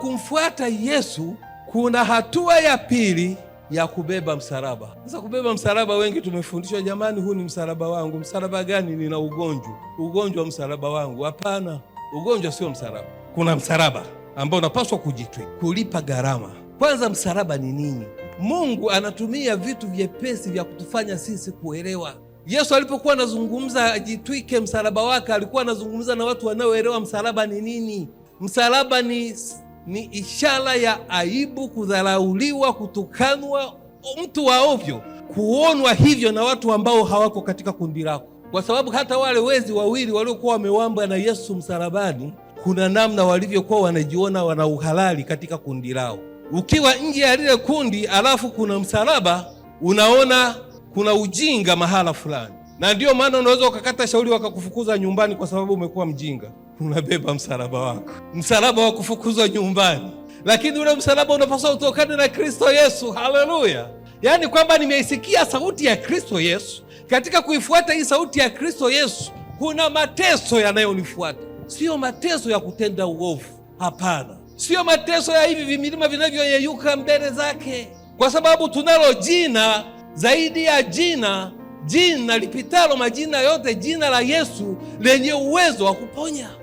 Kumfuata Yesu kuna hatua ya pili ya kubeba msalaba. Sasa kubeba msalaba, wengi tumefundishwa, jamani, huu ni msalaba wangu. Msalaba gani? Nina ugonjwa, ugonjwa msalaba wangu? Hapana, ugonjwa sio msalaba. Kuna msalaba ambao unapaswa kujitwi, kulipa gharama. Kwanza, msalaba ni nini? Mungu anatumia vitu vyepesi vya kutufanya sisi kuelewa. Yesu alipokuwa anazungumza ajitwike msalaba wake, alikuwa anazungumza na watu wanaoelewa msalaba ni nini. Msalaba ni ni ishara ya aibu, kudharauliwa, kutukanwa, mtu wa ovyo kuonwa hivyo na watu ambao hawako katika kundi lako, kwa sababu hata wale wezi wawili waliokuwa wamewamba na Yesu msalabani, kuna namna walivyokuwa wanajiona wana uhalali katika kundi lao. Ukiwa nje ya lile kundi, alafu kuna msalaba, unaona kuna ujinga mahala fulani, na ndiyo maana unaweza ukakata shauri wakakufukuza nyumbani kwa sababu umekuwa mjinga unabeba msalaba wako, msalaba wa kufukuzwa nyumbani, lakini ule msalaba unapaswa utokane na Kristo Yesu. Haleluya! Yaani kwamba nimeisikia sauti ya Kristo Yesu. Katika kuifuata hii sauti ya Kristo Yesu, kuna mateso yanayonifuata, siyo mateso ya kutenda uovu. Hapana, siyo mateso ya hivi vimilima vinavyoyeyuka mbele zake, kwa sababu tunalo jina zaidi ya jina, jina lipitalo majina yote, jina la Yesu lenye uwezo wa kuponya.